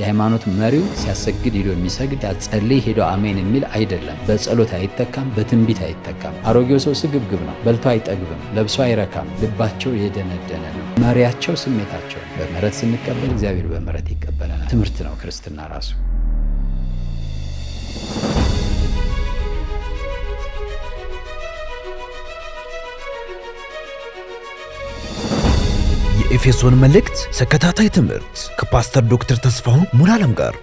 የሃይማኖት መሪው ሲያሰግድ ሄዶ የሚሰግድ ሲያጸልይ ሄዶ አሜን የሚል አይደለም። በጸሎት አይተካም፣ በትንቢት አይተካም። አሮጌው ሰው ስግብግብ ነው፣ በልቶ አይጠግብም፣ ለብሶ አይረካም፣ ልባቸው የደነደነ ነው። መሪያቸው ስሜታቸው በምሕረት ስንቀበል እግዚአብሔር በምሕረት ይቀበለናል። ትምህርት ነው ክርስትና ራሱ። የኤፌሶን መልእክት ተከታታይ ትምህርት ከፓስተር ዶክተር ተስፋሁን ሙላለም ጋር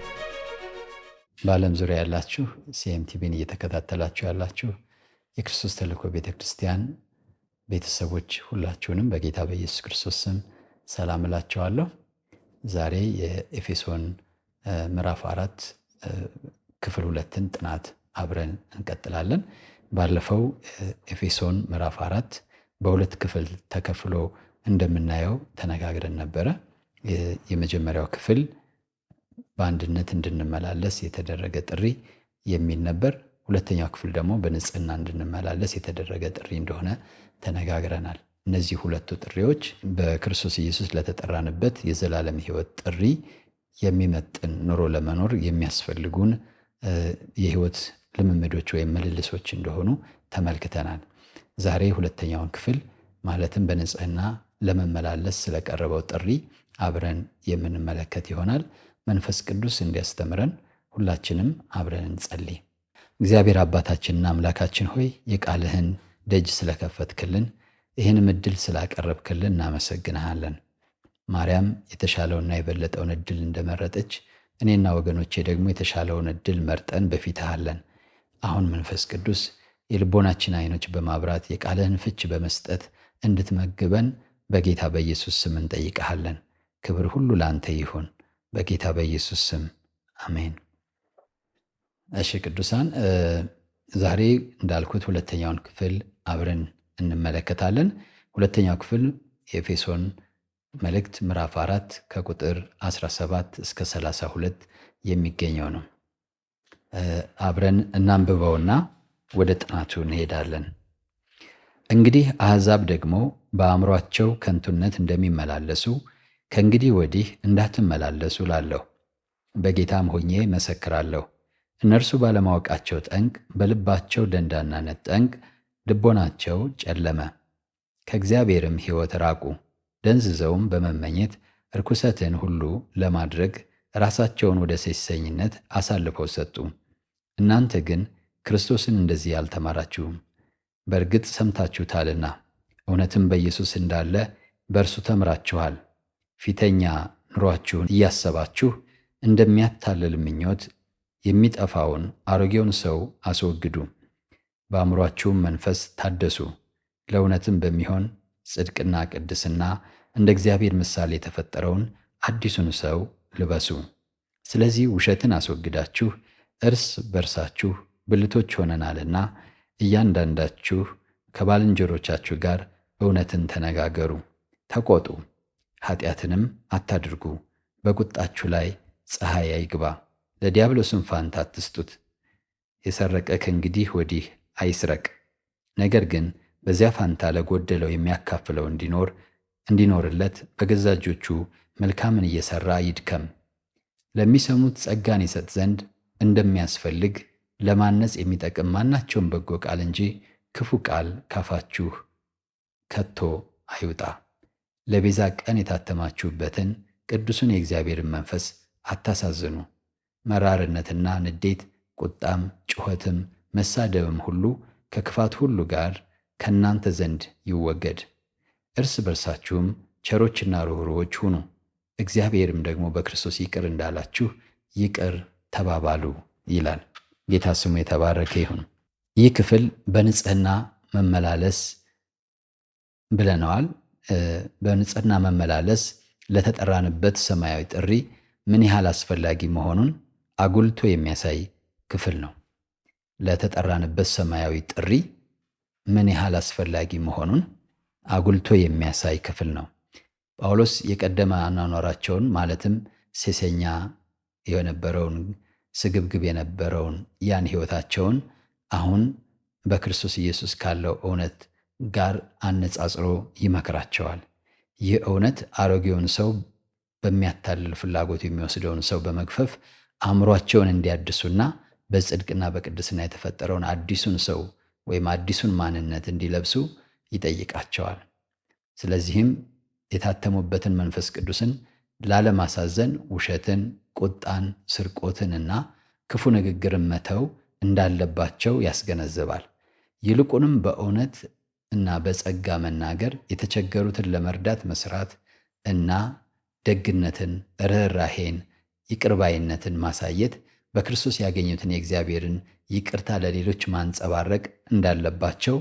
በዓለም ዙሪያ ያላችሁ ሲኤምቲቪን እየተከታተላችሁ ያላችሁ የክርስቶስ ተልእኮ ቤተ ክርስቲያን ቤተሰቦች ሁላችሁንም በጌታ በኢየሱስ ክርስቶስ ስም ሰላም እላችኋለሁ። ዛሬ የኤፌሶን ምዕራፍ አራት ክፍል ሁለትን ጥናት አብረን እንቀጥላለን። ባለፈው ኤፌሶን ምዕራፍ አራት በሁለት ክፍል ተከፍሎ እንደምናየው ተነጋግረን ነበረ። የመጀመሪያው ክፍል በአንድነት እንድንመላለስ የተደረገ ጥሪ የሚል ነበር። ሁለተኛው ክፍል ደግሞ በንጽህና እንድንመላለስ የተደረገ ጥሪ እንደሆነ ተነጋግረናል። እነዚህ ሁለቱ ጥሪዎች በክርስቶስ ኢየሱስ ለተጠራንበት የዘላለም ሕይወት ጥሪ የሚመጥን ኑሮ ለመኖር የሚያስፈልጉን የሕይወት ልምምዶች ወይም ምልልሶች እንደሆኑ ተመልክተናል። ዛሬ ሁለተኛውን ክፍል ማለትም በንጽህና ለመመላለስ ስለቀረበው ጥሪ አብረን የምንመለከት ይሆናል። መንፈስ ቅዱስ እንዲያስተምረን ሁላችንም አብረን እንጸልይ። እግዚአብሔር አባታችንና አምላካችን ሆይ የቃልህን ደጅ ስለከፈትክልን ይህንም እድል ስላቀረብክልን እናመሰግንሃለን። ማርያም የተሻለውና የበለጠውን እድል እንደመረጠች እኔና ወገኖቼ ደግሞ የተሻለውን እድል መርጠን በፊትሃለን። አሁን መንፈስ ቅዱስ የልቦናችን አይኖች በማብራት የቃልህን ፍች በመስጠት እንድትመግበን በጌታ በኢየሱስ ስም እንጠይቀሃለን። ክብር ሁሉ ለአንተ ይሁን፣ በጌታ በኢየሱስ ስም አሜን። እሺ ቅዱሳን፣ ዛሬ እንዳልኩት ሁለተኛውን ክፍል አብረን እንመለከታለን። ሁለተኛው ክፍል የኤፌሶን መልእክት ምዕራፍ አራት ከቁጥር 17 እስከ 32 የሚገኘው ነው። አብረን እናንብበውና ወደ ጥናቱ እንሄዳለን። እንግዲህ አሕዛብ ደግሞ በአእምሯቸው ከንቱነት እንደሚመላለሱ ከእንግዲህ ወዲህ እንዳትመላለሱ ላለሁ በጌታም ሆኜ መሰክራለሁ። እነርሱ ባለማወቃቸው ጠንቅ፣ በልባቸው ደንዳናነት ጠንቅ ልቦናቸው ጨለመ፣ ከእግዚአብሔርም ሕይወት ራቁ። ደንዝዘውም በመመኘት ርኩሰትን ሁሉ ለማድረግ ራሳቸውን ወደ ሴሰኝነት አሳልፈው ሰጡ። እናንተ ግን ክርስቶስን እንደዚህ አልተማራችሁም፣ በእርግጥ ሰምታችሁታልና እውነትም በኢየሱስ እንዳለ በእርሱ ተምራችኋል። ፊተኛ ኑሯችሁን እያሰባችሁ እንደሚያታልል ምኞት የሚጠፋውን አሮጌውን ሰው አስወግዱ፣ በአእምሯችሁም መንፈስ ታደሱ፣ ለእውነትም በሚሆን ጽድቅና ቅድስና እንደ እግዚአብሔር ምሳሌ የተፈጠረውን አዲሱን ሰው ልበሱ። ስለዚህ ውሸትን አስወግዳችሁ እርስ በርሳችሁ ብልቶች ሆነናልና እያንዳንዳችሁ ከባልንጀሮቻችሁ ጋር እውነትን ተነጋገሩ፣ ተቆጡ፣ ኃጢአትንም አታድርጉ። በቁጣችሁ ላይ ፀሐይ አይግባ፣ ለዲያብሎስም ፋንታ አትስጡት። የሰረቀ ከእንግዲህ ወዲህ አይስረቅ፣ ነገር ግን በዚያ ፋንታ ለጎደለው የሚያካፍለው እንዲኖር እንዲኖርለት በገዛ እጆቹ መልካምን እየሠራ ይድከም። ለሚሰሙት ጸጋን ይሰጥ ዘንድ እንደሚያስፈልግ ለማነጽ የሚጠቅም ማናቸውም በጎ ቃል እንጂ ክፉ ቃል ካፋችሁ ከቶ አይውጣ። ለቤዛ ቀን የታተማችሁበትን ቅዱሱን የእግዚአብሔርን መንፈስ አታሳዝኑ። መራርነትና ንዴት፣ ቁጣም፣ ጩኸትም፣ መሳደብም ሁሉ ከክፋት ሁሉ ጋር ከእናንተ ዘንድ ይወገድ። እርስ በርሳችሁም ቸሮችና ርኅሩዎች ሁኑ፣ እግዚአብሔርም ደግሞ በክርስቶስ ይቅር እንዳላችሁ ይቅር ተባባሉ ይላል። ጌታ ስሙ የተባረከ ይሁን። ይህ ክፍል በንጽህና መመላለስ ብለነዋል። በንጽህና መመላለስ ለተጠራንበት ሰማያዊ ጥሪ ምን ያህል አስፈላጊ መሆኑን አጉልቶ የሚያሳይ ክፍል ነው። ለተጠራንበት ሰማያዊ ጥሪ ምን ያህል አስፈላጊ መሆኑን አጉልቶ የሚያሳይ ክፍል ነው። ጳውሎስ የቀደመ አኗኗራቸውን ማለትም ሴሰኛ የነበረውን ስግብግብ የነበረውን ያን ሕይወታቸውን አሁን በክርስቶስ ኢየሱስ ካለው እውነት ጋር አነጻጽሮ ይመክራቸዋል። ይህ እውነት አሮጌውን ሰው በሚያታልል ፍላጎት የሚወስደውን ሰው በመግፈፍ አእምሯቸውን እንዲያድሱና በጽድቅና በቅድስና የተፈጠረውን አዲሱን ሰው ወይም አዲሱን ማንነት እንዲለብሱ ይጠይቃቸዋል። ስለዚህም የታተሙበትን መንፈስ ቅዱስን ላለማሳዘን ውሸትን፣ ቁጣን፣ ስርቆትን እና ክፉ ንግግርን መተው እንዳለባቸው ያስገነዝባል። ይልቁንም በእውነት እና በጸጋ መናገር፣ የተቸገሩትን ለመርዳት መስራት እና ደግነትን፣ ርኅራሄን፣ ይቅርባይነትን ማሳየት በክርስቶስ ያገኙትን የእግዚአብሔርን ይቅርታ ለሌሎች ማንጸባረቅ እንዳለባቸው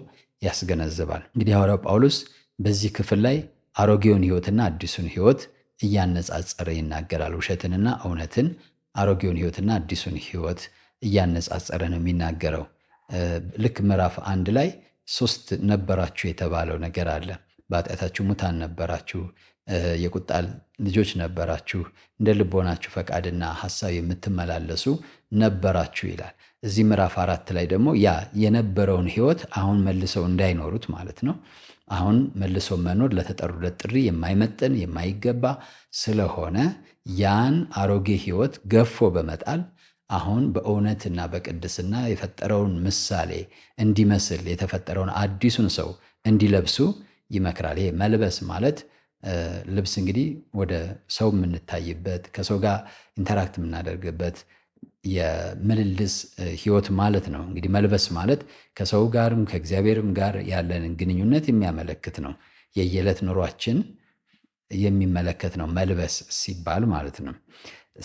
ያስገነዝባል። እንግዲህ ሐዋርያው ጳውሎስ በዚህ ክፍል ላይ አሮጌውን ሕይወትና አዲሱን ሕይወት እያነጻጸረ ይናገራል። ውሸትንና እውነትን፣ አሮጌውን ሕይወትና አዲሱን ሕይወት እያነጻጸረ ነው የሚናገረው። ልክ ምዕራፍ አንድ ላይ ሶስት ነበራችሁ የተባለው ነገር አለ። በኃጢአታችሁ ሙታን ነበራችሁ፣ የቁጣ ልጆች ነበራችሁ፣ እንደ ልቦናችሁ ፈቃድና ሀሳብ የምትመላለሱ ነበራችሁ ይላል። እዚህ ምዕራፍ አራት ላይ ደግሞ ያ የነበረውን ህይወት አሁን መልሰው እንዳይኖሩት ማለት ነው። አሁን መልሶ መኖር ለተጠሩለት ጥሪ የማይመጥን የማይገባ ስለሆነ ያን አሮጌ ህይወት ገፎ በመጣል አሁን በእውነትና በቅድስና የፈጠረውን ምሳሌ እንዲመስል የተፈጠረውን አዲሱን ሰው እንዲለብሱ ይመክራል። ይሄ መልበስ ማለት ልብስ እንግዲህ ወደ ሰው የምንታይበት ከሰው ጋር ኢንተራክት የምናደርግበት የምልልስ ህይወት ማለት ነው። እንግዲህ መልበስ ማለት ከሰው ጋርም ከእግዚአብሔርም ጋር ያለንን ግንኙነት የሚያመለክት ነው። የየዕለት ኑሯችን የሚመለከት ነው መልበስ ሲባል ማለት ነው።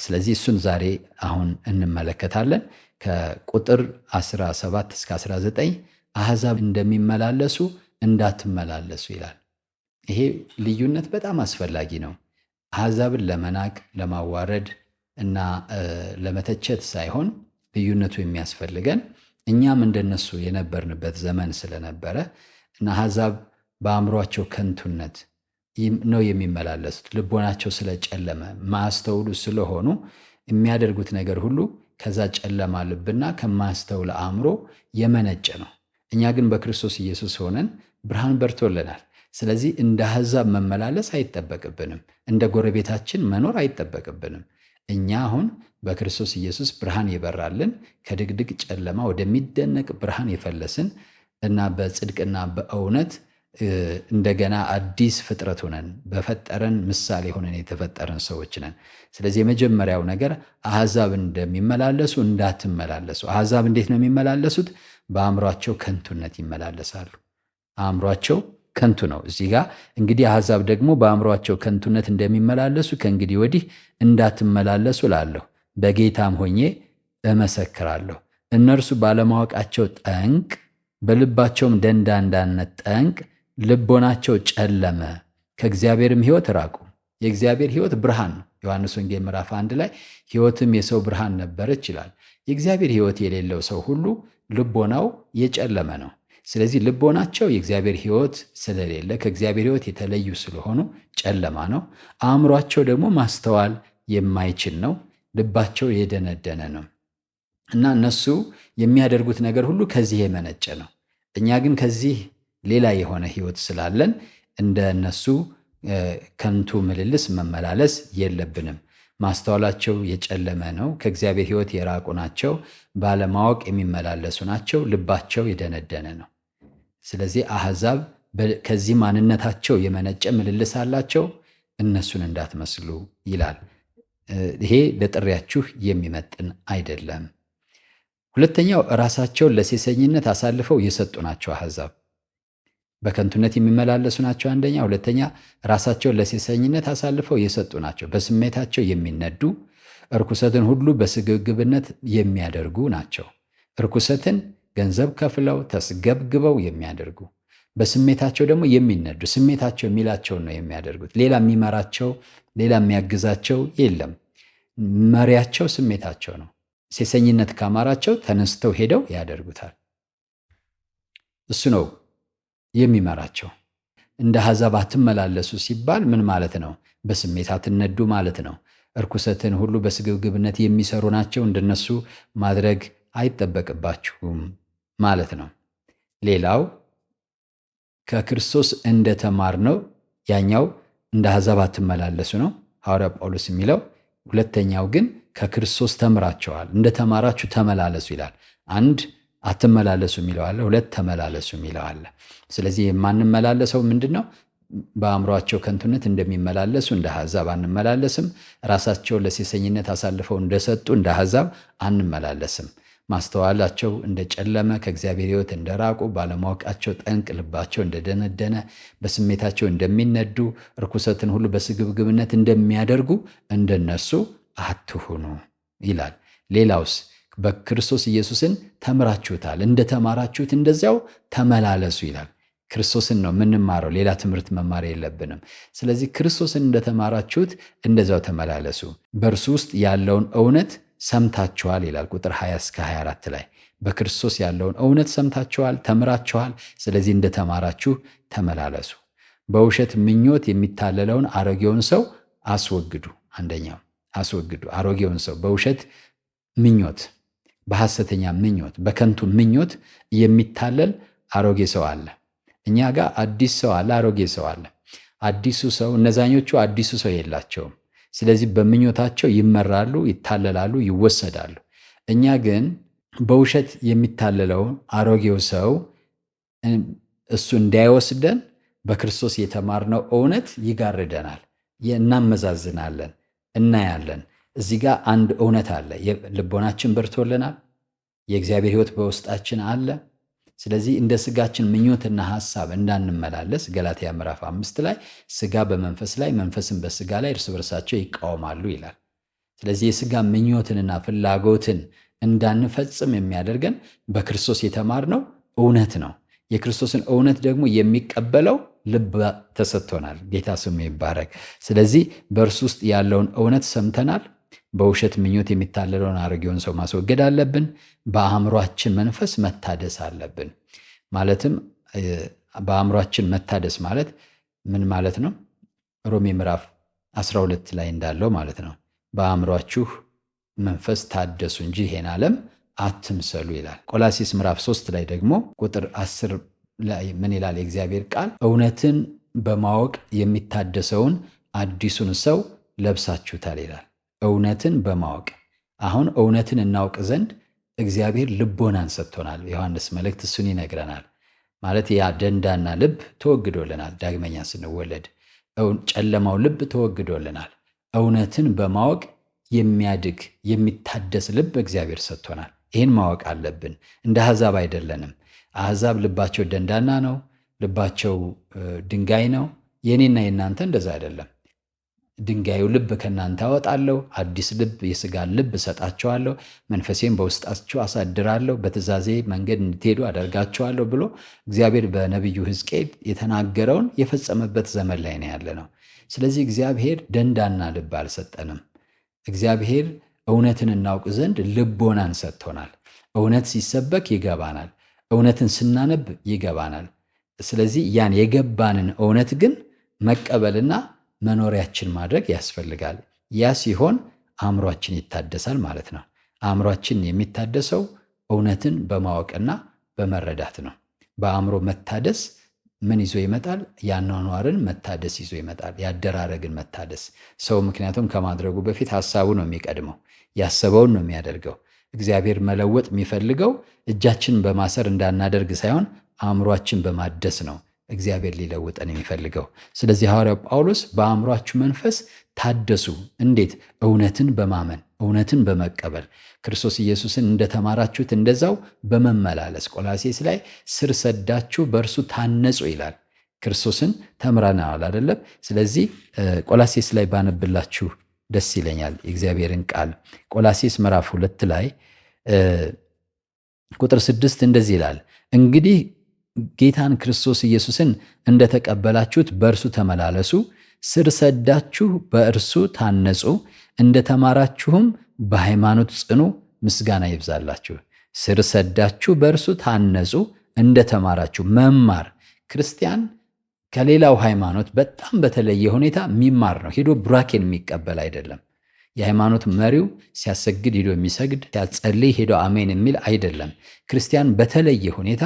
ስለዚህ እሱን ዛሬ አሁን እንመለከታለን። ከቁጥር 17 እስከ 19 አህዛብ እንደሚመላለሱ እንዳትመላለሱ ይላል። ይሄ ልዩነት በጣም አስፈላጊ ነው። አህዛብን ለመናቅ ለማዋረድ እና ለመተቸት ሳይሆን ልዩነቱ የሚያስፈልገን እኛም እንደነሱ የነበርንበት ዘመን ስለነበረ እና አህዛብ በአእምሯቸው ከንቱነት ነው የሚመላለሱት። ልቦናቸው ስለጨለመ ማስተውሉ ስለሆኑ የሚያደርጉት ነገር ሁሉ ከዛ ጨለማ ልብና ከማስተውል አእምሮ የመነጨ ነው። እኛ ግን በክርስቶስ ኢየሱስ ሆነን ብርሃን በርቶልናል። ስለዚህ እንደ አሕዛብ መመላለስ አይጠበቅብንም። እንደ ጎረቤታችን መኖር አይጠበቅብንም። እኛ አሁን በክርስቶስ ኢየሱስ ብርሃን የበራልን ከድቅድቅ ጨለማ ወደሚደነቅ ብርሃን የፈለስን እና በጽድቅና በእውነት እንደገና አዲስ ፍጥረት ሆነን በፈጠረን ምሳሌ ሆነን የተፈጠረን ሰዎች ነን። ስለዚህ የመጀመሪያው ነገር አሕዛብ እንደሚመላለሱ እንዳትመላለሱ። አሕዛብ እንዴት ነው የሚመላለሱት? በአእምሯቸው ከንቱነት ይመላለሳሉ። አእምሯቸው ከንቱ ነው። እዚህ ጋር እንግዲህ አሕዛብ ደግሞ በአእምሯቸው ከንቱነት እንደሚመላለሱ ከእንግዲህ ወዲህ እንዳትመላለሱ እላለሁ፣ በጌታም ሆኜ እመሰክራለሁ። እነርሱ ባለማወቃቸው ጠንቅ፣ በልባቸውም ደንዳንዳነት ጠንቅ ልቦናቸው ጨለመ፣ ከእግዚአብሔርም ሕይወት ራቁ። የእግዚአብሔር ሕይወት ብርሃን ነው። ዮሐንስ ወንጌል ምዕራፍ አንድ ላይ ሕይወትም የሰው ብርሃን ነበረች ይላል። የእግዚአብሔር ሕይወት የሌለው ሰው ሁሉ ልቦናው የጨለመ ነው። ስለዚህ ልቦናቸው የእግዚአብሔር ሕይወት ስለሌለ ከእግዚአብሔር ሕይወት የተለዩ ስለሆኑ ጨለማ ነው። አእምሯቸው ደግሞ ማስተዋል የማይችል ነው። ልባቸው የደነደነ ነው እና እነሱ የሚያደርጉት ነገር ሁሉ ከዚህ የመነጨ ነው። እኛ ግን ከዚህ ሌላ የሆነ ህይወት ስላለን እንደ እነሱ ከንቱ ምልልስ መመላለስ የለብንም። ማስተዋላቸው የጨለመ ነው፣ ከእግዚአብሔር ህይወት የራቁ ናቸው፣ ባለማወቅ የሚመላለሱ ናቸው፣ ልባቸው የደነደነ ነው። ስለዚህ አህዛብ ከዚህ ማንነታቸው የመነጨ ምልልስ አላቸው፣ እነሱን እንዳትመስሉ ይላል። ይሄ ለጥሪያችሁ የሚመጥን አይደለም። ሁለተኛው ራሳቸውን ለሴሰኝነት አሳልፈው የሰጡ ናቸው አህዛብ። በከንቱነት የሚመላለሱ ናቸው አንደኛ። ሁለተኛ ራሳቸውን ለሴሰኝነት አሳልፈው የሰጡ ናቸው። በስሜታቸው የሚነዱ እርኩሰትን ሁሉ በስግብግብነት የሚያደርጉ ናቸው። እርኩሰትን ገንዘብ ከፍለው ተስገብግበው የሚያደርጉ በስሜታቸው ደግሞ የሚነዱ ስሜታቸው የሚላቸውን ነው የሚያደርጉት። ሌላ የሚመራቸው ሌላ የሚያግዛቸው የለም። መሪያቸው ስሜታቸው ነው። ሴሰኝነት ካማራቸው ተነስተው ሄደው ያደርጉታል። እሱ ነው የሚመራቸው። እንደ አሕዛብ አትመላለሱ ሲባል ምን ማለት ነው? በስሜት አትነዱ ማለት ነው። እርኩሰትን ሁሉ በስግብግብነት የሚሰሩ ናቸው፣ እንደነሱ ማድረግ አይጠበቅባችሁም ማለት ነው። ሌላው ከክርስቶስ እንደተማር ነው። ያኛው እንደ አሕዛብ አትመላለሱ ነው ሐዋርያ ጳውሎስ የሚለው። ሁለተኛው ግን ከክርስቶስ ተምራቸዋል፣ እንደተማራችሁ ተመላለሱ ይላል። አንድ አትመላለሱ የሚለው አለ፣ ሁለት ተመላለሱ የሚለው አለ። ስለዚህ የማንመላለሰው ምንድን ነው? በአእምሯቸው ከንቱነት እንደሚመላለሱ እንደ አሕዛብ አንመላለስም። ራሳቸውን ለሴሰኝነት አሳልፈው እንደሰጡ እንደ አሕዛብ አንመላለስም። ማስተዋላቸው እንደጨለመ ከእግዚአብሔር ሕይወት እንደራቁ ባለማወቃቸው ጠንቅ ልባቸው እንደደነደነ በስሜታቸው እንደሚነዱ ርኩሰትን ሁሉ በስግብግብነት እንደሚያደርጉ እንደነሱ አትሁኑ ይላል። ሌላውስ በክርስቶስ ኢየሱስን ተምራችሁታል፣ እንደተማራችሁት እንደዚያው ተመላለሱ ይላል። ክርስቶስን ነው የምንማረው፣ ሌላ ትምህርት መማር የለብንም። ስለዚህ ክርስቶስን እንደተማራችሁት እንደዚያው ተመላለሱ፣ በእርሱ ውስጥ ያለውን እውነት ሰምታችኋል ይላል ቁጥር 20 እስከ 24 ላይ በክርስቶስ ያለውን እውነት ሰምታችኋል፣ ተምራችኋል። ስለዚህ እንደተማራችሁ ተመላለሱ። በውሸት ምኞት የሚታለለውን አሮጌውን ሰው አስወግዱ። አንደኛው አስወግዱ፣ አሮጌውን ሰው በውሸት ምኞት በሐሰተኛ ምኞት በከንቱ ምኞት የሚታለል አሮጌ ሰው አለ። እኛ ጋር አዲስ ሰው አለ፣ አሮጌ ሰው አለ። አዲሱ ሰው እነዛኞቹ አዲሱ ሰው የላቸውም። ስለዚህ በምኞታቸው ይመራሉ፣ ይታለላሉ፣ ይወሰዳሉ። እኛ ግን በውሸት የሚታለለው አሮጌው ሰው እሱ እንዳይወስደን በክርስቶስ የተማርነው እውነት ይጋርደናል። እናመዛዝናለን፣ እናያለን። እዚህ ጋር አንድ እውነት አለ። ልቦናችን በርቶልናል። የእግዚአብሔር ሕይወት በውስጣችን አለ። ስለዚህ እንደ ስጋችን ምኞትና ሀሳብ እንዳንመላለስ ገላትያ ምዕራፍ አምስት ላይ ስጋ በመንፈስ ላይ መንፈስን በስጋ ላይ እርስ በርሳቸው ይቃወማሉ ይላል። ስለዚህ የስጋ ምኞትንና ፍላጎትን እንዳንፈጽም የሚያደርገን በክርስቶስ የተማርነው እውነት ነው። የክርስቶስን እውነት ደግሞ የሚቀበለው ልብ ተሰጥቶናል። ጌታ ስሙ ይባረክ። ስለዚህ በእርሱ ውስጥ ያለውን እውነት ሰምተናል። በውሸት ምኞት የሚታለለውን አረጌውን ሰው ማስወገድ አለብን። በአእምሯችን መንፈስ መታደስ አለብን። ማለትም በአእምሯችን መታደስ ማለት ምን ማለት ነው? ሮሜ ምዕራፍ 12 ላይ እንዳለው ማለት ነው። በአእምሯችሁ መንፈስ ታደሱ እንጂ ይሄን ዓለም አትምሰሉ ይላል። ቆላሲስ ምዕራፍ 3 ላይ ደግሞ ቁጥር 10 ላይ ምን ይላል? የእግዚአብሔር ቃል እውነትን በማወቅ የሚታደሰውን አዲሱን ሰው ለብሳችሁታል ይላል። እውነትን በማወቅ አሁን እውነትን እናውቅ ዘንድ እግዚአብሔር ልቦናን ሰጥቶናል። ዮሐንስ መልእክት እሱን ይነግረናል። ማለት ያ ደንዳና ልብ ተወግዶልናል። ዳግመኛ ስንወለድ ጨለማው ልብ ተወግዶልናል። እውነትን በማወቅ የሚያድግ የሚታደስ ልብ እግዚአብሔር ሰጥቶናል። ይህን ማወቅ አለብን። እንደ አሕዛብ አይደለንም። አሕዛብ ልባቸው ደንዳና ነው፣ ልባቸው ድንጋይ ነው። የኔና የእናንተ እንደዛ አይደለም። ድንጋዩ ልብ ከእናንተ አወጣለሁ፣ አዲስ ልብ የስጋ ልብ እሰጣቸዋለሁ፣ መንፈሴም በውስጣችሁ አሳድራለሁ፣ በትእዛዜ መንገድ እንድትሄዱ አደርጋቸዋለሁ ብሎ እግዚአብሔር በነቢዩ ሕዝቅኤል የተናገረውን የፈጸመበት ዘመን ላይ ነው ያለ ነው። ስለዚህ እግዚአብሔር ደንዳና ልብ አልሰጠንም። እግዚአብሔር እውነትን እናውቅ ዘንድ ልቦናን ሰጥቶናል። እውነት ሲሰበክ ይገባናል። እውነትን ስናነብ ይገባናል። ስለዚህ ያን የገባንን እውነት ግን መቀበልና መኖሪያችን ማድረግ ያስፈልጋል። ያ ሲሆን አእምሯችን ይታደሳል ማለት ነው። አእምሯችን የሚታደሰው እውነትን በማወቅና በመረዳት ነው። በአእምሮ መታደስ ምን ይዞ ይመጣል? ያኗኗርን መታደስ ይዞ ይመጣል። ያደራረግን መታደስ ሰው ምክንያቱም ከማድረጉ በፊት ሀሳቡ ነው የሚቀድመው፣ ያሰበውን ነው የሚያደርገው። እግዚአብሔር መለወጥ የሚፈልገው እጃችን በማሰር እንዳናደርግ ሳይሆን አእምሯችን በማደስ ነው። እግዚአብሔር ሊለውጠን የሚፈልገው። ስለዚህ ሐዋርያው ጳውሎስ በአእምሯችሁ መንፈስ ታደሱ። እንዴት? እውነትን በማመን እውነትን በመቀበል ክርስቶስ ኢየሱስን እንደተማራችሁት እንደዛው በመመላለስ ቆላሴስ ላይ ስር ሰዳችሁ በእርሱ ታነጹ ይላል። ክርስቶስን ተምረናል አይደለም? ስለዚህ ቆላሴስ ላይ ባነብላችሁ ደስ ይለኛል። የእግዚአብሔርን ቃል ቆላሴስ ምዕራፍ ሁለት ላይ ቁጥር ስድስት እንደዚህ ይላል እንግዲህ ጌታን ክርስቶስ ኢየሱስን እንደተቀበላችሁት በእርሱ ተመላለሱ፣ ስር ሰዳችሁ በእርሱ ታነጹ፣ እንደተማራችሁም በሃይማኖት ጽኑ፣ ምስጋና ይብዛላችሁ። ስር ሰዳችሁ በእርሱ ታነጹ፣ እንደተማራችሁ መማር ክርስቲያን ከሌላው ሃይማኖት በጣም በተለየ ሁኔታ የሚማር ነው። ሄዶ ብራኬን የሚቀበል አይደለም። የሃይማኖት መሪው ሲያሰግድ ሄዶ የሚሰግድ ሲያጸልይ ሄዶ አሜን የሚል አይደለም። ክርስቲያን በተለየ ሁኔታ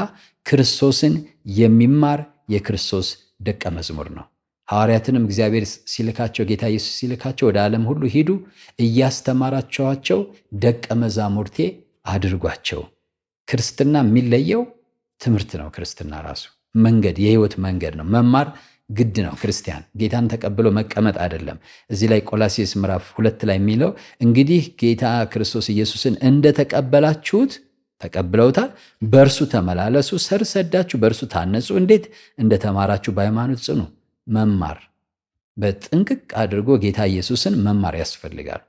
ክርስቶስን የሚማር የክርስቶስ ደቀ መዝሙር ነው። ሐዋርያትንም እግዚአብሔር ሲልካቸው ጌታ ኢየሱስ ሲልካቸው ወደ ዓለም ሁሉ ሂዱ እያስተማራቸዋቸው ደቀ መዛሙርቴ አድርጓቸው። ክርስትና የሚለየው ትምህርት ነው። ክርስትና ራሱ መንገድ፣ የህይወት መንገድ ነው። መማር ግድ ነው ክርስቲያን ጌታን ተቀብሎ መቀመጥ አይደለም። እዚህ ላይ ቆላሲስ ምዕራፍ ሁለት ላይ የሚለው እንግዲህ ጌታ ክርስቶስ ኢየሱስን እንደተቀበላችሁት ተቀብለውታል፣ በእርሱ ተመላለሱ፣ ሥር ሰዳችሁ በእርሱ ታነጹ። እንዴት እንደተማራችሁ በሃይማኖት ጽኑ። መማር በጥንቅቅ አድርጎ ጌታ ኢየሱስን መማር ያስፈልጋል።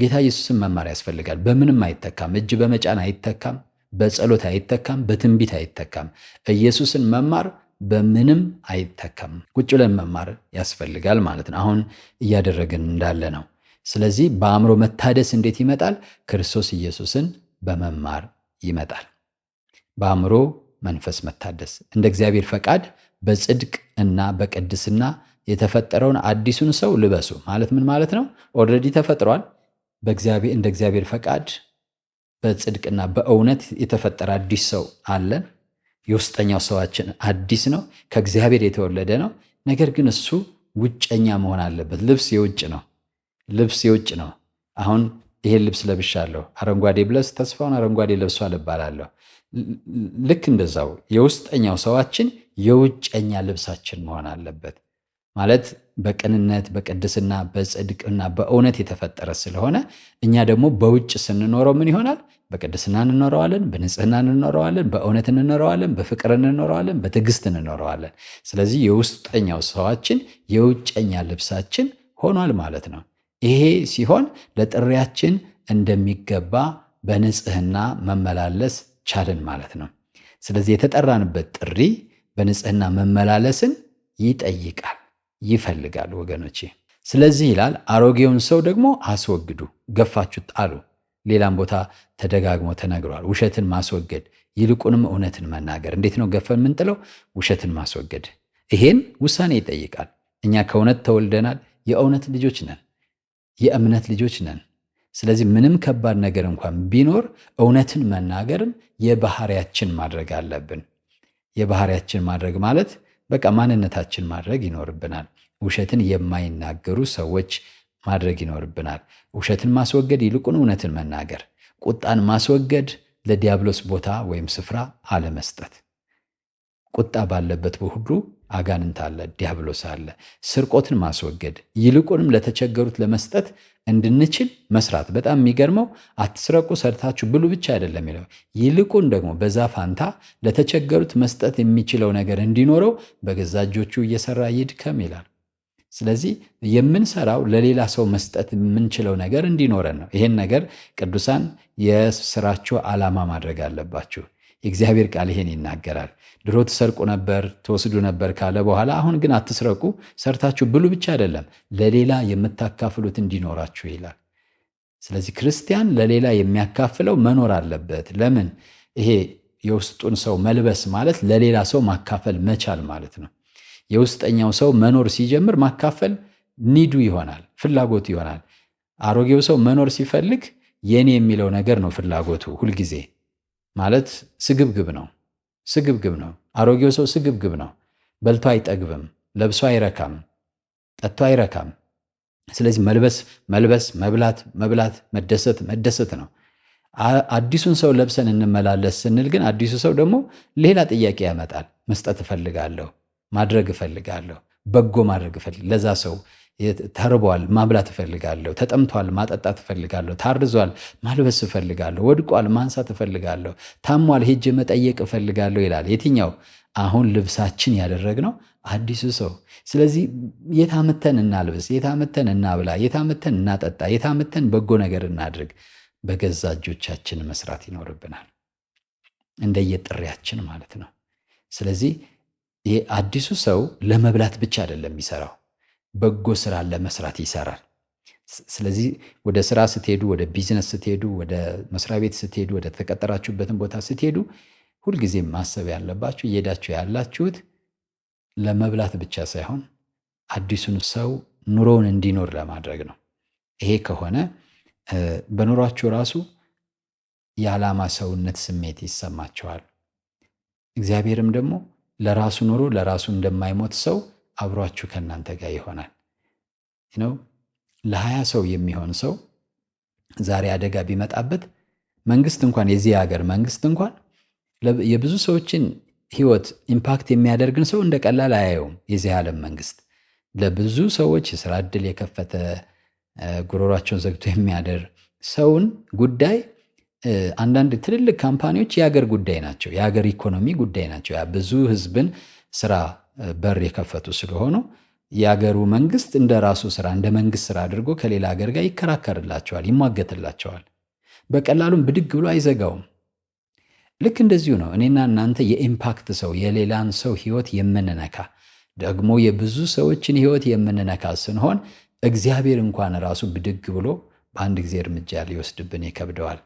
ጌታ ኢየሱስን መማር ያስፈልጋል። በምንም አይተካም። እጅ በመጫን አይተካም። በጸሎት አይተካም። በትንቢት አይተካም። ኢየሱስን መማር በምንም አይተከም። ቁጭ ብለን መማር ያስፈልጋል ማለት ነው። አሁን እያደረግን እንዳለ ነው። ስለዚህ በአእምሮ መታደስ እንዴት ይመጣል? ክርስቶስ ኢየሱስን በመማር ይመጣል። በአእምሮ መንፈስ መታደስ እንደ እግዚአብሔር ፈቃድ በጽድቅ እና በቅድስና የተፈጠረውን አዲሱን ሰው ልበሱ ማለት ምን ማለት ነው? ኦልሬዲ ተፈጥሯል። እንደ እግዚአብሔር ፈቃድ በጽድቅና በእውነት የተፈጠረ አዲስ ሰው አለን። የውስጠኛው ሰዋችን አዲስ ነው፣ ከእግዚአብሔር የተወለደ ነው። ነገር ግን እሱ ውጨኛ መሆን አለበት። ልብስ የውጭ ነው። ልብስ የውጭ ነው። አሁን ይሄን ልብስ ለብሻለሁ፣ አረንጓዴ ብለስ ተስፋውን አረንጓዴ ለብሷል እባላለሁ። ልክ እንደዛው የውስጠኛው ሰዋችን የውጨኛ ልብሳችን መሆን አለበት። ማለት በቅንነት በቅድስና በጽድቅና በእውነት የተፈጠረ ስለሆነ እኛ ደግሞ በውጭ ስንኖረው ምን ይሆናል? በቅድስና እንኖረዋለን፣ በንጽህና እንኖረዋለን፣ በእውነት እንኖረዋለን፣ በፍቅር እንኖረዋለን፣ በትዕግስት እንኖረዋለን። ስለዚህ የውስጠኛው ሰዋችን የውጨኛ ልብሳችን ሆኗል ማለት ነው። ይሄ ሲሆን ለጥሪያችን እንደሚገባ በንጽህና መመላለስ ቻልን ማለት ነው። ስለዚህ የተጠራንበት ጥሪ በንጽህና መመላለስን ይጠይቃል፣ ይፈልጋል ወገኖቼ። ስለዚህ ይላል አሮጌውን ሰው ደግሞ አስወግዱ፣ ገፋችሁ ጣሉ ሌላም ቦታ ተደጋግሞ ተነግሯል። ውሸትን ማስወገድ ይልቁንም እውነትን መናገር። እንዴት ነው ገፈን የምንጥለው? ውሸትን ማስወገድ። ይሄን ውሳኔ ይጠይቃል። እኛ ከእውነት ተወልደናል። የእውነት ልጆች ነን። የእምነት ልጆች ነን። ስለዚህ ምንም ከባድ ነገር እንኳን ቢኖር እውነትን መናገርን የባህሪያችን ማድረግ አለብን። የባህሪያችን ማድረግ ማለት በቃ ማንነታችን ማድረግ ይኖርብናል። ውሸትን የማይናገሩ ሰዎች ማድረግ ይኖርብናል። ውሸትን ማስወገድ፣ ይልቁን እውነትን መናገር፣ ቁጣን ማስወገድ፣ ለዲያብሎስ ቦታ ወይም ስፍራ አለመስጠት። ቁጣ ባለበት በሁሉ አጋንንት አለ፣ ዲያብሎስ አለ። ስርቆትን ማስወገድ፣ ይልቁንም ለተቸገሩት ለመስጠት እንድንችል መስራት። በጣም የሚገርመው አትስረቁ ሰርታችሁ ብሉ ብቻ አይደለም ይለው፣ ይልቁን ደግሞ በዛ ፋንታ ለተቸገሩት መስጠት የሚችለው ነገር እንዲኖረው በገዛ እጆቹ እየሰራ ይድከም ይላል። ስለዚህ የምንሰራው ለሌላ ሰው መስጠት የምንችለው ነገር እንዲኖረን ነው። ይሄን ነገር ቅዱሳን የስራችሁ ዓላማ ማድረግ አለባችሁ። የእግዚአብሔር ቃል ይሄን ይናገራል። ድሮ ትሰርቁ ነበር፣ ትወስዱ ነበር ካለ በኋላ አሁን ግን አትስረቁ፣ ሰርታችሁ ብሉ ብቻ አይደለም ለሌላ የምታካፍሉት እንዲኖራችሁ ይላል። ስለዚህ ክርስቲያን ለሌላ የሚያካፍለው መኖር አለበት። ለምን? ይሄ የውስጡን ሰው መልበስ ማለት ለሌላ ሰው ማካፈል መቻል ማለት ነው። የውስጠኛው ሰው መኖር ሲጀምር ማካፈል ኒዱ ይሆናል፣ ፍላጎቱ ይሆናል። አሮጌው ሰው መኖር ሲፈልግ የኔ የሚለው ነገር ነው ፍላጎቱ ሁልጊዜ ማለት ስግብግብ ነው፣ ስግብግብ ነው። አሮጌው ሰው ስግብግብ ነው። በልቶ አይጠግብም፣ ለብሶ አይረካም፣ ጠጥቶ አይረካም። ስለዚህ መልበስ መልበስ፣ መብላት መብላት፣ መደሰት መደሰት ነው። አዲሱን ሰው ለብሰን እንመላለስ ስንል ግን አዲሱ ሰው ደግሞ ሌላ ጥያቄ ያመጣል። መስጠት እፈልጋለሁ ማድረግ እፈልጋለሁ። በጎ ማድረግ እፈልግ ለዛ ሰው ተርቧል፣ ማብላት እፈልጋለሁ። ተጠምቷል፣ ማጠጣት እፈልጋለሁ። ታርዟል፣ ማልበስ እፈልጋለሁ። ወድቋል፣ ማንሳት እፈልጋለሁ። ታሟል፣ ሄጄ መጠየቅ እፈልጋለሁ ይላል። የትኛው አሁን ልብሳችን ያደረግነው አዲሱ ሰው። ስለዚህ የታምተን እናልብስ፣ የታምተን እናብላ፣ የታምተን እናጠጣ፣ የታምተን በጎ ነገር እናድርግ። በገዛ እጆቻችን መስራት ይኖርብናል፣ እንደየጥሪያችን ማለት ነው። ስለዚህ ይሄ አዲሱ ሰው ለመብላት ብቻ አይደለም የሚሰራው፣ በጎ ስራ ለመስራት ይሰራል። ስለዚህ ወደ ስራ ስትሄዱ፣ ወደ ቢዝነስ ስትሄዱ፣ ወደ መስሪያ ቤት ስትሄዱ፣ ወደ ተቀጠራችሁበትን ቦታ ስትሄዱ፣ ሁልጊዜ ማሰብ ያለባችሁ እየሄዳችሁ ያላችሁት ለመብላት ብቻ ሳይሆን አዲሱን ሰው ኑሮውን እንዲኖር ለማድረግ ነው። ይሄ ከሆነ በኑሯችሁ ራሱ የዓላማ ሰውነት ስሜት ይሰማቸዋል። እግዚአብሔርም ደግሞ ለራሱ ኑሩ፣ ለራሱ እንደማይሞት ሰው አብሯችሁ ከእናንተ ጋር ይሆናል ነው። ለሀያ ሰው የሚሆን ሰው ዛሬ አደጋ ቢመጣበት መንግስት እንኳን የዚህ ሀገር መንግስት እንኳን የብዙ ሰዎችን ህይወት ኢምፓክት የሚያደርግን ሰው እንደ ቀላል አያየውም። የዚህ ዓለም መንግስት ለብዙ ሰዎች የስራ ዕድል የከፈተ ጉሮሯቸውን ዘግቶ የሚያደር ሰውን ጉዳይ አንዳንድ ትልልቅ ካምፓኒዎች የሀገር ጉዳይ ናቸው፣ የሀገር ኢኮኖሚ ጉዳይ ናቸው። ብዙ ህዝብን ስራ በር የከፈቱ ስለሆኑ የሀገሩ መንግስት እንደ ራሱ ስራ እንደ መንግስት ስራ አድርጎ ከሌላ ሀገር ጋር ይከራከርላቸዋል፣ ይሟገትላቸዋል። በቀላሉም ብድግ ብሎ አይዘጋውም። ልክ እንደዚሁ ነው። እኔና እናንተ የኢምፓክት ሰው የሌላን ሰው ህይወት የምንነካ ደግሞ የብዙ ሰዎችን ህይወት የምንነካ ስንሆን እግዚአብሔር እንኳን ራሱ ብድግ ብሎ በአንድ ጊዜ እርምጃ ሊወስድብን ይከብደዋል።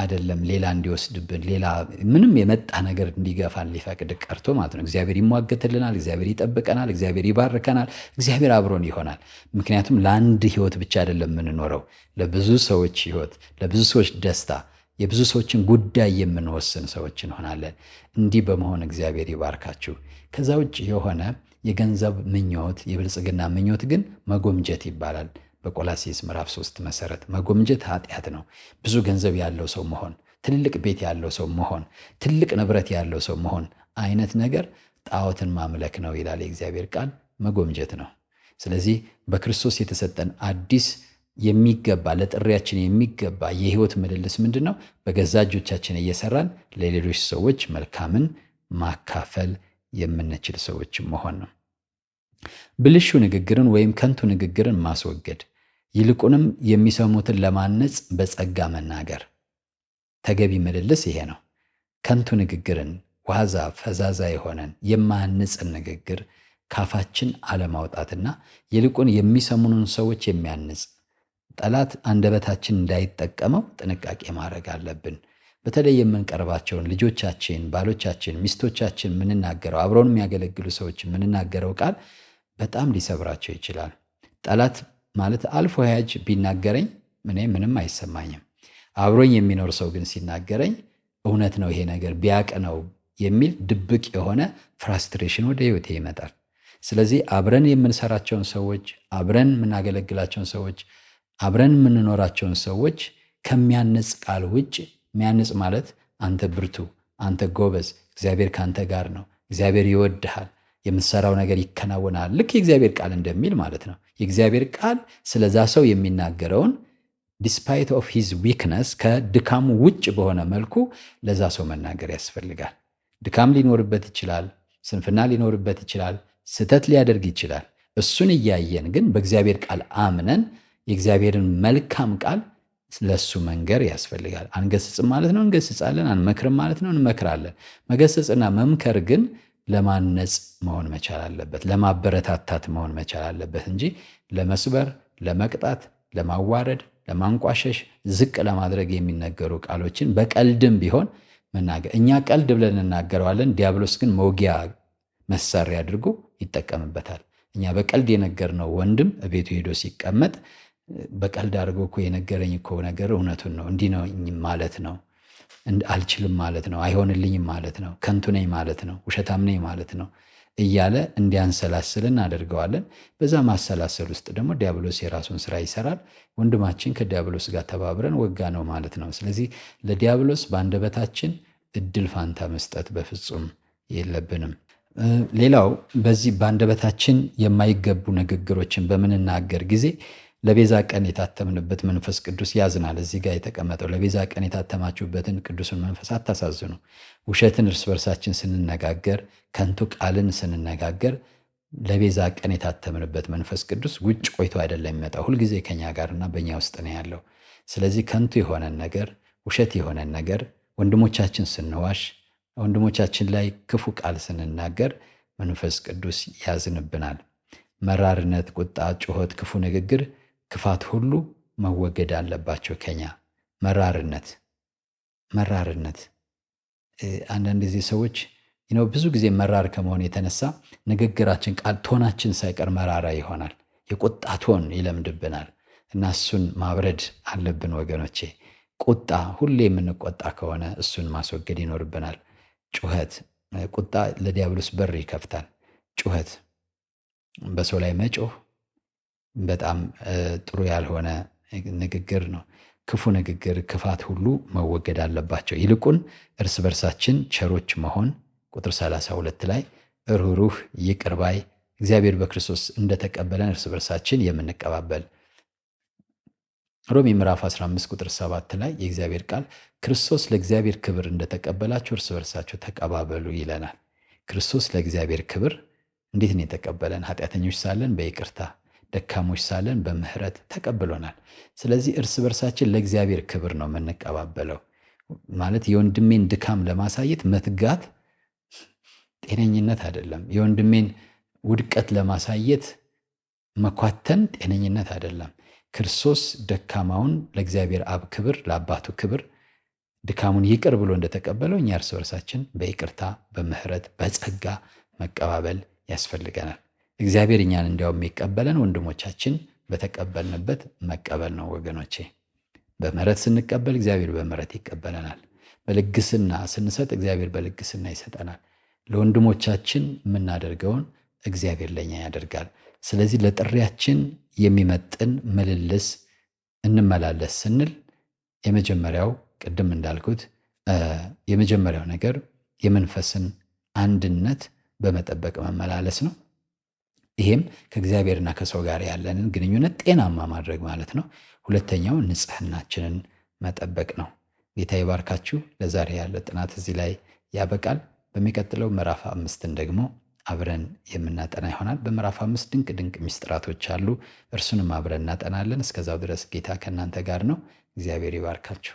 አይደለም ሌላ እንዲወስድብን ሌላ ምንም የመጣ ነገር እንዲገፋን ሊፈቅድ ቀርቶ ማለት ነው። እግዚአብሔር ይሟገትልናል፣ እግዚአብሔር ይጠብቀናል፣ እግዚአብሔር ይባርከናል፣ እግዚአብሔር አብሮን ይሆናል። ምክንያቱም ለአንድ ህይወት ብቻ አይደለም የምንኖረው፣ ለብዙ ሰዎች ህይወት ለብዙ ሰዎች ደስታ፣ የብዙ ሰዎችን ጉዳይ የምንወስን ሰዎች እንሆናለን። እንዲህ በመሆን እግዚአብሔር ይባርካችሁ። ከዛ ውጭ የሆነ የገንዘብ ምኞት፣ የብልጽግና ምኞት ግን መጎምጀት ይባላል። በቆላሴስ ምዕራፍ 3 መሰረት መጎምጀት ኃጢአት ነው። ብዙ ገንዘብ ያለው ሰው መሆን፣ ትልቅ ቤት ያለው ሰው መሆን፣ ትልቅ ንብረት ያለው ሰው መሆን አይነት ነገር ጣዖትን ማምለክ ነው ይላል የእግዚአብሔር ቃል። መጎምጀት ነው። ስለዚህ በክርስቶስ የተሰጠን አዲስ የሚገባ ለጥሪያችን የሚገባ የህይወት ምልልስ ምንድን ነው? በገዛ እጆቻችን እየሰራን ለሌሎች ሰዎች መልካምን ማካፈል የምንችል ሰዎች መሆን ነው። ብልሹ ንግግርን ወይም ከንቱ ንግግርን ማስወገድ ይልቁንም የሚሰሙትን ለማነጽ በጸጋ መናገር። ተገቢ ምልልስ ይሄ ነው። ከንቱ ንግግርን ዋዛ ፈዛዛ የሆነን የማያንጽን ንግግር ካፋችን አለማውጣትና ይልቁን የሚሰሙንን ሰዎች የሚያንጽ ጠላት አንደበታችን እንዳይጠቀመው ጥንቃቄ ማድረግ አለብን። በተለይ የምንቀርባቸውን ልጆቻችን፣ ባሎቻችን፣ ሚስቶቻችን የምንናገረው አብረውን የሚያገለግሉ ሰዎች የምንናገረው ቃል በጣም ሊሰብራቸው ይችላል። ጠላት ማለት አልፎ ያጅ ቢናገረኝ እኔ ምንም አይሰማኝም። አብሮኝ የሚኖር ሰው ግን ሲናገረኝ እውነት ነው ይሄ ነገር ቢያቅ ነው የሚል ድብቅ የሆነ ፍራስትሬሽን ወደ ህይወቴ ይመጣል። ስለዚህ አብረን የምንሰራቸውን ሰዎች፣ አብረን የምናገለግላቸውን ሰዎች፣ አብረን የምንኖራቸውን ሰዎች ከሚያንጽ ቃል ውጭ የሚያንጽ ማለት አንተ ብርቱ፣ አንተ ጎበዝ፣ እግዚአብሔር ከአንተ ጋር ነው፣ እግዚአብሔር ይወድሃል፣ የምትሰራው ነገር ይከናወናል ልክ የእግዚአብሔር ቃል እንደሚል ማለት ነው የእግዚአብሔር ቃል ስለዛ ሰው የሚናገረውን ዲስፓይት ኦፍ ሂዝ ዊክነስ ከድካሙ ውጭ በሆነ መልኩ ለዛ ሰው መናገር ያስፈልጋል። ድካም ሊኖርበት ይችላል። ስንፍና ሊኖርበት ይችላል። ስህተት ሊያደርግ ይችላል። እሱን እያየን ግን በእግዚአብሔር ቃል አምነን የእግዚአብሔርን መልካም ቃል ለሱ መንገር ያስፈልጋል። አንገስጽም ማለት ነው እንገስጻለን፣ አንመክርም ማለት ነው እንመክራለን። መገሰጽና መምከር ግን ለማነጽ መሆን መቻል አለበት፣ ለማበረታታት መሆን መቻል አለበት እንጂ ለመስበር፣ ለመቅጣት፣ ለማዋረድ፣ ለማንቋሸሽ፣ ዝቅ ለማድረግ የሚነገሩ ቃሎችን በቀልድም ቢሆን መናገር እኛ ቀልድ ብለን እናገረዋለን። ዲያብሎስ ግን መውጊያ መሳሪያ አድርጎ ይጠቀምበታል። እኛ በቀልድ የነገርነው ወንድም ቤቱ ሄዶ ሲቀመጥ በቀልድ አድርጎ እኮ የነገረኝ እኮ ነገር እውነቱን ነው እንዲህ ነው ማለት ነው አልችልም ማለት ነው፣ አይሆንልኝም ማለት ነው፣ ከንቱ ነኝ ማለት ነው፣ ውሸታም ነኝ ማለት ነው እያለ እንዲያንሰላስል እናደርገዋለን። በዛ ማሰላሰል ውስጥ ደግሞ ዲያብሎስ የራሱን ስራ ይሰራል። ወንድማችን ከዲያብሎስ ጋር ተባብረን ወጋ ነው ማለት ነው። ስለዚህ ለዲያብሎስ በአንደበታችን እድል ፋንታ መስጠት በፍጹም የለብንም። ሌላው በዚህ በአንደበታችን የማይገቡ ንግግሮችን በምንናገር ጊዜ ለቤዛ ቀን የታተምንበት መንፈስ ቅዱስ ያዝናል። እዚህ ጋር የተቀመጠው ለቤዛ ቀን የታተማችሁበትን ቅዱስን መንፈስ አታሳዝኑ። ውሸትን እርስ በርሳችን ስንነጋገር፣ ከንቱ ቃልን ስንነጋገር ለቤዛ ቀን የታተምንበት መንፈስ ቅዱስ ውጭ ቆይቶ አይደለም የሚመጣው፣ ሁልጊዜ ከኛ ጋርና በእኛ ውስጥ ነው ያለው። ስለዚህ ከንቱ የሆነን ነገር፣ ውሸት የሆነን ነገር ወንድሞቻችን ስንዋሽ፣ ወንድሞቻችን ላይ ክፉ ቃል ስንናገር መንፈስ ቅዱስ ያዝንብናል። መራርነት፣ ቁጣ፣ ጩኸት፣ ክፉ ንግግር ክፋት ሁሉ መወገድ አለባቸው። ከኛ መራርነት መራርነት አንዳንድ ጊዜ ሰዎች ነው ብዙ ጊዜ መራር ከመሆን የተነሳ ንግግራችን፣ ቃል ቶናችን ሳይቀር መራራ ይሆናል። የቁጣ ቶን ይለምድብናል እና እሱን ማብረድ አለብን ወገኖቼ። ቁጣ ሁሌ የምንቆጣ ከሆነ እሱን ማስወገድ ይኖርብናል። ጩኸት፣ ቁጣ ለዲያብሎስ በር ይከፍታል። ጩኸት፣ በሰው ላይ መጮህ በጣም ጥሩ ያልሆነ ንግግር ነው። ክፉ ንግግር፣ ክፋት ሁሉ መወገድ አለባቸው። ይልቁን እርስ በርሳችን ቸሮች መሆን ቁጥር 32 ላይ ርኅሩህ፣ ይቅር ባይ እግዚአብሔር በክርስቶስ እንደተቀበለን እርስ በርሳችን የምንቀባበል ሮሜ ምዕራፍ 15 ቁጥር 7 ላይ የእግዚአብሔር ቃል ክርስቶስ ለእግዚአብሔር ክብር እንደተቀበላችሁ እርስ በርሳችሁ ተቀባበሉ ይለናል። ክርስቶስ ለእግዚአብሔር ክብር እንዴት ነው የተቀበለን? ኃጢአተኞች ሳለን በይቅርታ ደካሞች ሳለን በምህረት ተቀብሎናል። ስለዚህ እርስ በርሳችን ለእግዚአብሔር ክብር ነው የምንቀባበለው። ማለት የወንድሜን ድካም ለማሳየት መትጋት ጤነኝነት አይደለም። የወንድሜን ውድቀት ለማሳየት መኳተን ጤነኝነት አይደለም። ክርስቶስ ደካማውን ለእግዚአብሔር አብ ክብር፣ ለአባቱ ክብር ድካሙን ይቅር ብሎ እንደተቀበለው እኛ እርስ በርሳችን በይቅርታ በምህረት በጸጋ መቀባበል ያስፈልገናል። እግዚአብሔር እኛን እንዲያውም የሚቀበለን ወንድሞቻችን በተቀበልንበት መቀበል ነው ወገኖቼ። በምሕረት ስንቀበል እግዚአብሔር በምሕረት ይቀበለናል። በልግስና ስንሰጥ እግዚአብሔር በልግስና ይሰጠናል። ለወንድሞቻችን የምናደርገውን እግዚአብሔር ለእኛ ያደርጋል። ስለዚህ ለጥሪያችን የሚመጥን ምልልስ እንመላለስ ስንል የመጀመሪያው ቅድም እንዳልኩት የመጀመሪያው ነገር የመንፈስን አንድነት በመጠበቅ መመላለስ ነው። ይሄም ከእግዚአብሔርና ከሰው ጋር ያለንን ግንኙነት ጤናማ ማድረግ ማለት ነው። ሁለተኛው ንጽህናችንን መጠበቅ ነው። ጌታ ይባርካችሁ። ለዛሬ ያለ ጥናት እዚህ ላይ ያበቃል። በሚቀጥለው ምዕራፍ አምስትን ደግሞ አብረን የምናጠና ይሆናል። በምዕራፍ አምስት ድንቅ ድንቅ ሚስጥራቶች አሉ። እርሱንም አብረን እናጠናለን። እስከዛው ድረስ ጌታ ከእናንተ ጋር ነው። እግዚአብሔር ይባርካችሁ።